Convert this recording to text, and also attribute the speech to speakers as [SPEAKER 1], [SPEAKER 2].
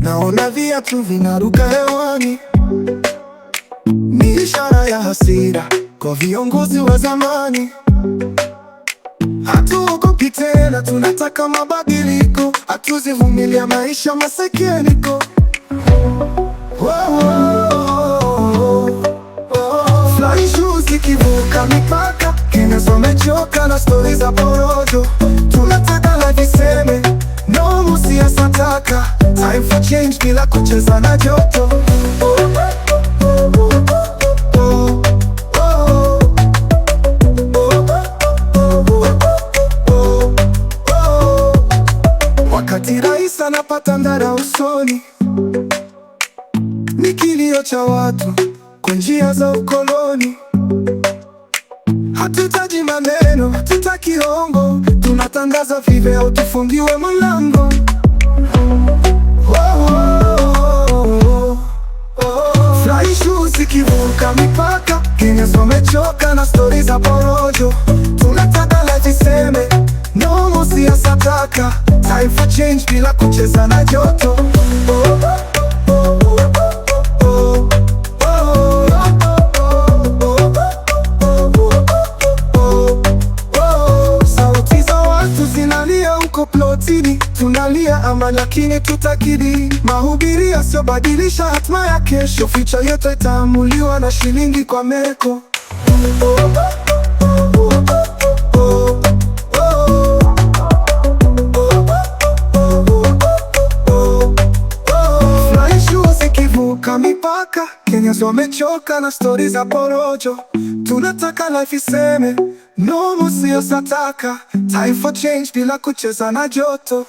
[SPEAKER 1] Naona viatu vinaruka hewani, ni ishara ya hasira kwa viongozi wa zamani. Hatuogopi tena, tunataka mabadiliko, hatuzivumilia maisha masekeniko. wow, wow. Tumechoka na stories za porojo, tunataka life iseme, no musi ya sataka time for change bila kucheza na joto Wakati rais anapata ndara usoni, ni kilio cha watu kwa njia za ukoloni. Hatutaji maneno, tuta kiongo, tunatangaza viveo, tufungiwe mlango. Oh, oh, oh, Kivuka mipaka, Kenya wamechoka na stori za porojo. Tunataka life iseme no, siasa taka, taifa change bila kucheza na joto oh. tunalia ama, lakini tutakidi Mahubiri yasiyobadilisha hatima ya kesho, ficha yote itaamuliwa na shilingi kwa meko. Mipaka Kenyans wamechoka na stori za porojo, tunataka life iseme No time for change bila kucheza na joto